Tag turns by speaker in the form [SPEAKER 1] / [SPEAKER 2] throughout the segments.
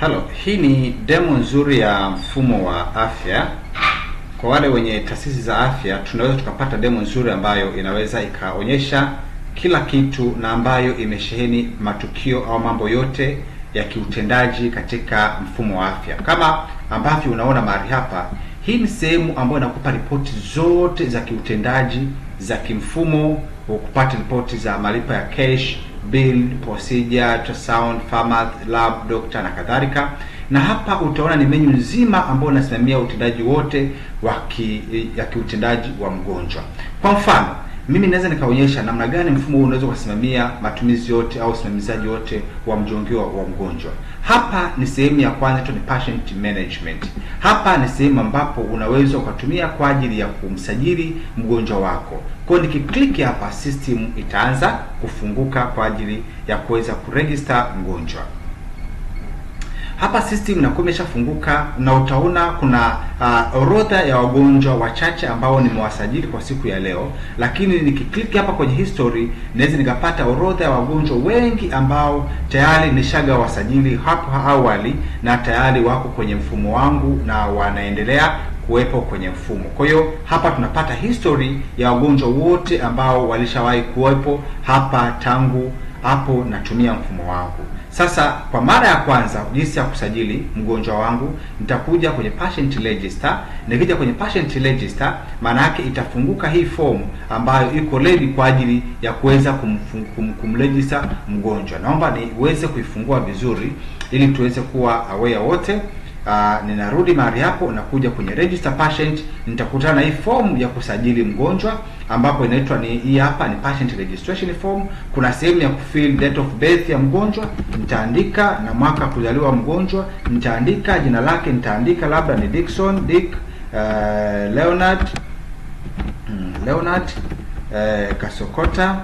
[SPEAKER 1] Halo, hii ni demo nzuri ya mfumo wa afya. Kwa wale wenye taasisi za afya, tunaweza tukapata demo nzuri ambayo inaweza ikaonyesha kila kitu na ambayo imesheheni matukio au mambo yote ya kiutendaji katika mfumo wa afya. Kama ambavyo unaona mahali hapa, hii ni sehemu ambayo inakupa ripoti zote za kiutendaji za kimfumo, kupata ripoti za malipo ya cash build, procedure, ultrasound, pharmacy, lab, doctor na kadhalika. Na hapa utaona ni menyu nzima ambayo unasimamia utendaji wote wa ki, ya kiutendaji wa mgonjwa. Kwa mfano mimi naweza nikaonyesha namna gani mfumo huu unaweza kusimamia matumizi yote au usimamizaji wote wa mjongeo wa mgonjwa. Hapa ni sehemu ya kwanza tu, ni patient management. Hapa ni sehemu ambapo unaweza ukatumia kwa ajili ya kumsajili mgonjwa wako. Kwa hiyo hapa, system itaanza kufunguka kwa ajili ya kuweza kuregister mgonjwa hapa system inakuwa imeshafunguka na utaona kuna uh, orodha ya wagonjwa wachache ambao nimewasajili kwa siku ya leo, lakini nikiklik hapa kwenye history naweza nikapata orodha ya wagonjwa wengi ambao tayari nishaga wasajili hapo awali na tayari wako kwenye mfumo wangu na wanaendelea kuwepo kwenye mfumo. Kwa hiyo hapa tunapata history ya wagonjwa wote ambao walishawahi kuwepo hapa tangu hapo natumia mfumo wangu. Sasa kwa mara ya kwanza, jinsi ya kusajili mgonjwa wangu, nitakuja kwenye patient register. Nikija kwenye patient register, maana yake itafunguka hii fomu ambayo iko ready kwa ajili ya kuweza kumregister kum, kum mgonjwa. Naomba niweze kuifungua vizuri ili tuweze kuwa aware wote uh, ninarudi mahali hapo nakuja kwenye register patient, nitakutana na hii form ya kusajili mgonjwa ambapo inaitwa ni hii hapa ni patient registration form. Kuna sehemu ya kufill date of birth ya mgonjwa, nitaandika na mwaka kuzaliwa mgonjwa, nitaandika jina lake, nitaandika labda ni Dickson Dick uh, Leonard mm, Leonard uh, Kasokota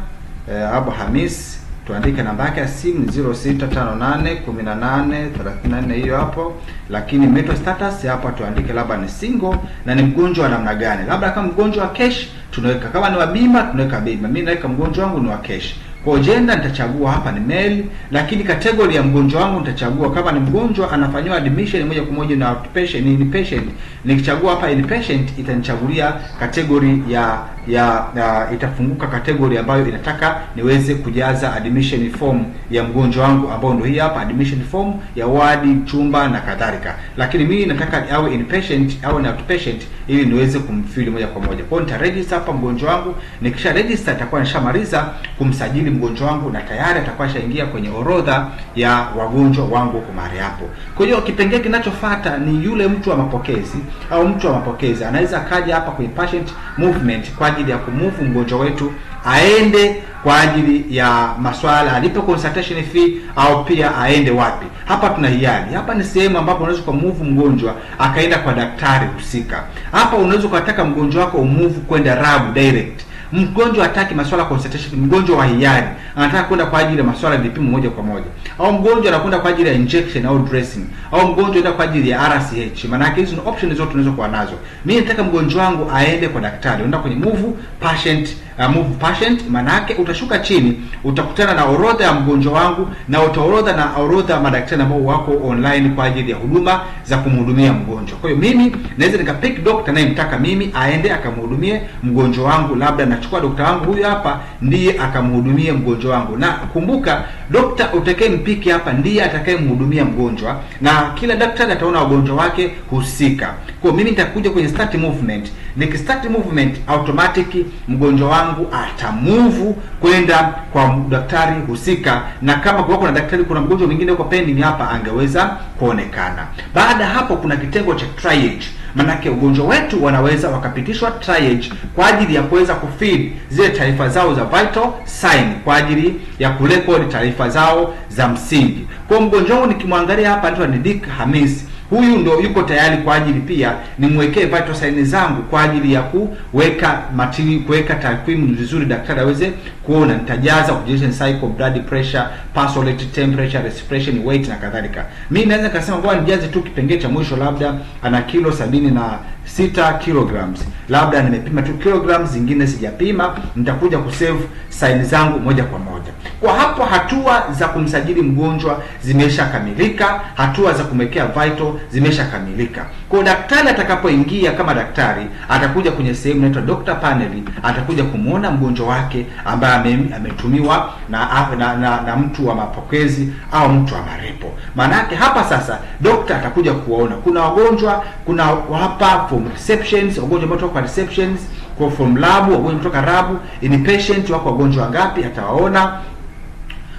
[SPEAKER 1] uh, Abu Hamis tuandike namba yake ya simu 0658184 hiyo hapo, lakini mental status hapa tuandike labda ni single na ni mgonjwa wa namna gani, labda kama mgonjwa wa cash tunaweka, kama ni wa bima tunaweka bima. Mimi naweka mgonjwa wangu ni wa cash. Kwa jenda nitachagua hapa ni male, lakini kategori ya mgonjwa wangu nitachagua kama ni mgonjwa anafanyiwa admission moja kwa moja na outpatient, inpatient. Nikichagua hapa inpatient itanichagulia kategori ya ya ya itafunguka kategori ambayo inataka niweze kujaza admission form ya mgonjwa wangu ambao ndio hii hapa admission form ya wadi, chumba na kadhalika, lakini mimi nataka awe inpatient au ni outpatient ili niweze kumfili moja kwa moja. kwao hiyo nita register hapa mgonjwa wangu, nikisha register itakuwa nishamaliza kumsajili mgonjwa wangu na tayari atakuwa shaingia kwenye orodha ya wagonjwa wangu kwa mara hapo. Kwa hiyo kipengee kinachofuata ni yule mtu wa mapokezi au mtu wa mapokezi anaweza kaja hapa kwenye patient movement kwa ajili ya kumuvu mgonjwa wetu aende kwa ajili ya maswala alipe consultation fee au pia aende wapi. Hapa tuna hiari, hapa ni sehemu ambapo unaweza ukamuvu mgonjwa akaenda kwa daktari husika. Hapa unaweza ukataka mgonjwa wako umuvu kwenda rabu direct Mgonjwa hataki masuala ya consultation, mgonjwa wa hiari anataka kwenda kwa ajili ya masuala ya vipimo moja kwa moja, au mgonjwa anakwenda kwa ajili ya injection au dressing, au mgonjwa anataka kwa ajili ya RCH. Maana yake hizo ni options zote unaweza kuwa nazo. Mimi nataka mgonjwa wangu aende kwa daktari, unaenda kwenye move patient uh, move patient, manake utashuka chini utakutana na orodha ya mgonjwa wangu na utaorodha na orodha ya madaktari ambao wako online kwa ajili ya huduma za kumhudumia mgonjwa. Kwa hiyo mimi naweza pick doctor anayemtaka mimi aende akamhudumie mgonjwa wangu, labda nachukua dokta wangu huyu hapa ndiye akamhudumie mgonjwa wangu, na kumbuka Dokta mpiki hapa ndiye atakayemhudumia mgonjwa, na kila daktari ataona wagonjwa wake husika. Kwa mimi nitakuja kwenye start movement, start movement automatic mgonjwa wangu atamuvu kwenda kwa daktari husika, na kama kwa kuna daktari, kuna mgonjwa mwingine uko pending hapa, angeweza kuonekana. Baada hapo, kuna kitengo cha triage manake ugonjwa wetu wanaweza wakapitishwa triage kwa ajili ya kuweza kufeed zile taarifa zao za vital sign kwa ajili ya kurekodi taarifa zao za msingi. Kwa mgonjwa huu nikimwangalia hapa anaitwa Dick Hamisi Huyu ndo yuko tayari kwa ajili pia nimwekee vital sign zangu kwa ajili ya kuweka matini kuweka takwimu vizuri, daktari aweze kuona nitajaza oxygen cycle, blood pressure, pulse temperature, respiration, weight na kadhalika. Mimi naweza kusema kwa nijaze tu kipengele cha mwisho, labda ana kilo sabini na sita kilograms, labda nimepima tu kilograms, zingine sijapima, nitakuja kusave sign zangu moja kwa moja. Kwa hapo hatua za kumsajili mgonjwa zimeshakamilika, hatua za kumwekea vital zimeshakamilika. Kwa daktari atakapoingia, kama daktari atakuja kwenye sehemu inaitwa doctor panel, atakuja kumwona mgonjwa wake ambaye ametumiwa na, na, na, na mtu wa mapokezi au mtu wa marepo. Maana hapa sasa dokta atakuja kuwaona, kuna wagonjwa, kuna hapa from receptions, wagonjwa ambao kwa receptions kwa from labu, wagonjwa kutoka lab, inpatient wako wagonjwa wangapi, atawaona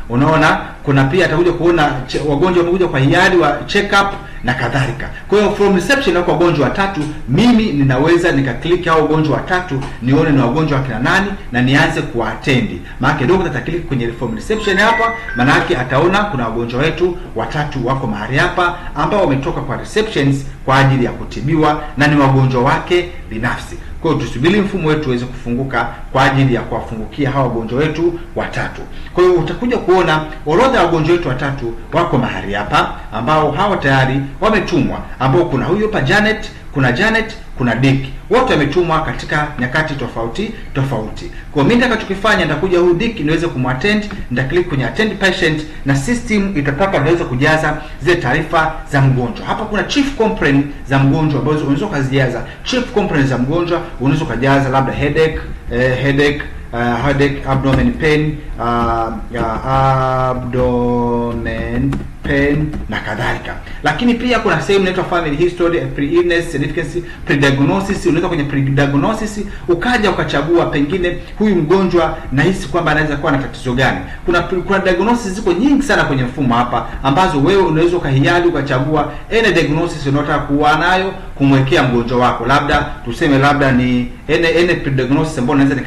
[SPEAKER 1] unaona kuna pia atakuja kuona wagonjwa wamekuja kwa hiari wa check up na kadhalika. Kwa hiyo from reception na wagonjwa watatu, mimi ninaweza nikaklik hao wagonjwa watatu, nione ni wagonjwa wakina nani na nianze kuwaatendi Maana dokta ataklik kwenye from reception hapa, maana yake ataona kuna wagonjwa wetu watatu wako mahali hapa ambao wametoka kwa receptions kwa ajili ya kutibiwa na ni wagonjwa wake binafsi. Kwa hiyo tusubiri mfumo wetu uweze kufunguka kwa ajili ya kuwafungukia hawa wagonjwa wetu watatu. Kwa hiyo utakuja kuona orodha ya wagonjwa wetu watatu wako mahali hapa, ambao hawa tayari wametumwa, ambao kuna huyu hapa Janet kuna Janet, kuna Dick, wote wametumwa katika nyakati tofauti tofauti. Kwa mimi nitakachokifanya nitakuja huyu Dick niweze kumattend, nitaklik kwenye attend patient na system itataka niweze kujaza zile taarifa za mgonjwa. Hapa kuna chief complaint za mgonjwa ambazo unaweza kuzijaza. Chief complaint za mgonjwa unaweza kujaza labda headache, eh, headache Uh, headache, abdomen pain, uh, uh, abdomen pain na kadhalika. Lakini pia kuna sehemu inaitwa family history and significance, prediagnosis Unaweza kwenye prediagnosis ukaja ukachagua pengine huyu mgonjwa nahisi kwamba anaweza kuwa na tatizo gani. Kuna kuna diagnosis ziko nyingi sana kwenye mfumo hapa ambazo wewe unaweza ukahiari ukachagua any diagnosis unayotaka kuwa nayo kumwekea mgonjwa wako, labda tuseme, labda ni ene ene prognosis ambayo naweza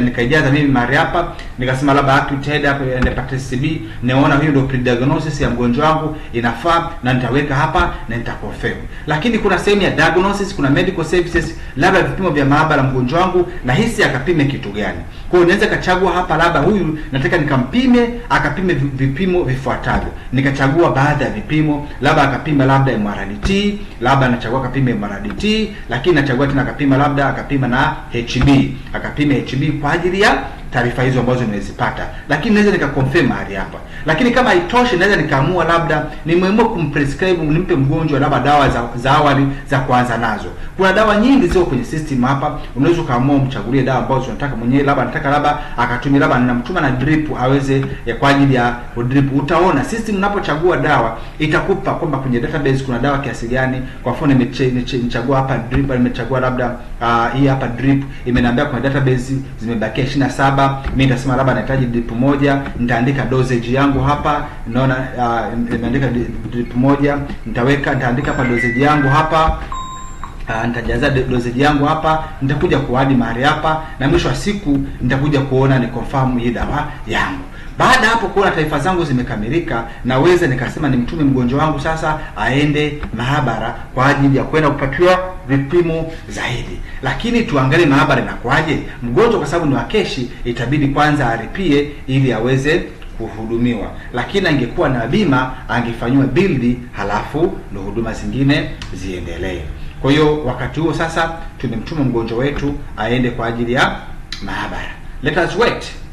[SPEAKER 1] nikaijaza mimi mari hapa nikasema labda acute headache and hepatitis B, naona hiyo ndio prognosis ya mgonjwa wangu inafaa, na nitaweka hapa na nitaconfirm. Lakini kuna sehemu ya diagnosis, kuna medical services, labda vipimo vya maabara mgonjwa wangu na hisi akapime kitu gani. Kwa hiyo naweza kachagua hapa, labda huyu nataka nikampime, akapime vipimo vifuatavyo, nikachagua baadhi ya vipimo, labda akapima labda MRNT, labda anachagua akapime akapima DT, lakini nachagua tena akapima labda akapima na HB, akapima HB kwa ajili ya taarifa hizo ambazo nimezipata, lakini naweza nikaconfirm hali hapa. Lakini kama haitoshi, naweza nikaamua labda nimeamua kumprescribe nimpe mgonjwa labda dawa za, za awali za kuanza nazo. Kuna dawa nyingi ziko kwenye system hapa, unaweza ukaamua umchagulie dawa ambazo unataka mwenyewe, labda nataka labda akatumia labda ninamtuma na drip aweze ya eh, kwa ajili ya drip. Utaona system unapochagua dawa itakupa kwamba kwenye database kuna dawa kiasi gani. Kwa mfano nimechagua hapa drip, nimechagua labda uh, hii hapa drip, imeniambia kwenye database zimebakia 27 kwamba mimi nitasema labda nahitaji drip moja, nitaandika dosage yangu hapa, naona uh, drip moja, nitaweka nitaandika hapa dosage yangu hapa Uh, nitajaza dosage yangu hapa, nitakuja kuadi mahali hapa, na mwisho wa siku nitakuja kuona ni confirm hii dawa yangu. Baada hapo kuona taarifa zangu zimekamilika, naweza nikasema nimtume mgonjwa wangu sasa aende maabara kwa ajili ya kwenda kupatiwa vipimo zaidi, lakini tuangalie maabara inakwaje mgonjwa, kwa sababu ni wakeshi, itabidi kwanza aripie ili aweze kuhudumiwa, lakini angekuwa na bima angefanyiwa bildi, halafu ndo huduma zingine ziendelee. Kwa hiyo wakati huo sasa tumemtuma mgonjwa wetu aende kwa ajili ya maabara. Let us wait